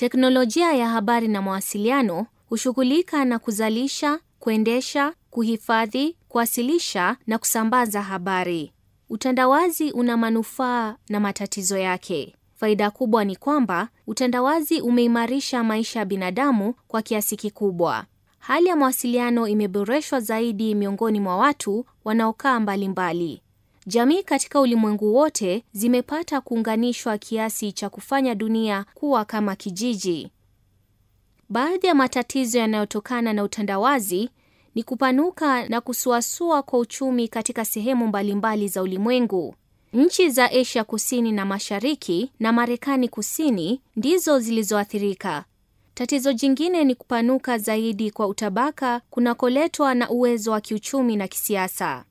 Teknolojia ya habari na mawasiliano hushughulika na kuzalisha, kuendesha, kuhifadhi, kuwasilisha na kusambaza habari. Utandawazi una manufaa na matatizo yake. Faida kubwa ni kwamba utandawazi umeimarisha maisha ya binadamu kwa kiasi kikubwa. Hali ya mawasiliano imeboreshwa zaidi miongoni mwa watu wanaokaa mbalimbali. Jamii katika ulimwengu wote zimepata kuunganishwa kiasi cha kufanya dunia kuwa kama kijiji. Baadhi ya matatizo yanayotokana na utandawazi ni kupanuka na kusuasua kwa uchumi katika sehemu mbalimbali za ulimwengu. Nchi za Asia Kusini na Mashariki na Marekani Kusini ndizo zilizoathirika. Tatizo jingine ni kupanuka zaidi kwa utabaka kunakoletwa na uwezo wa kiuchumi na kisiasa.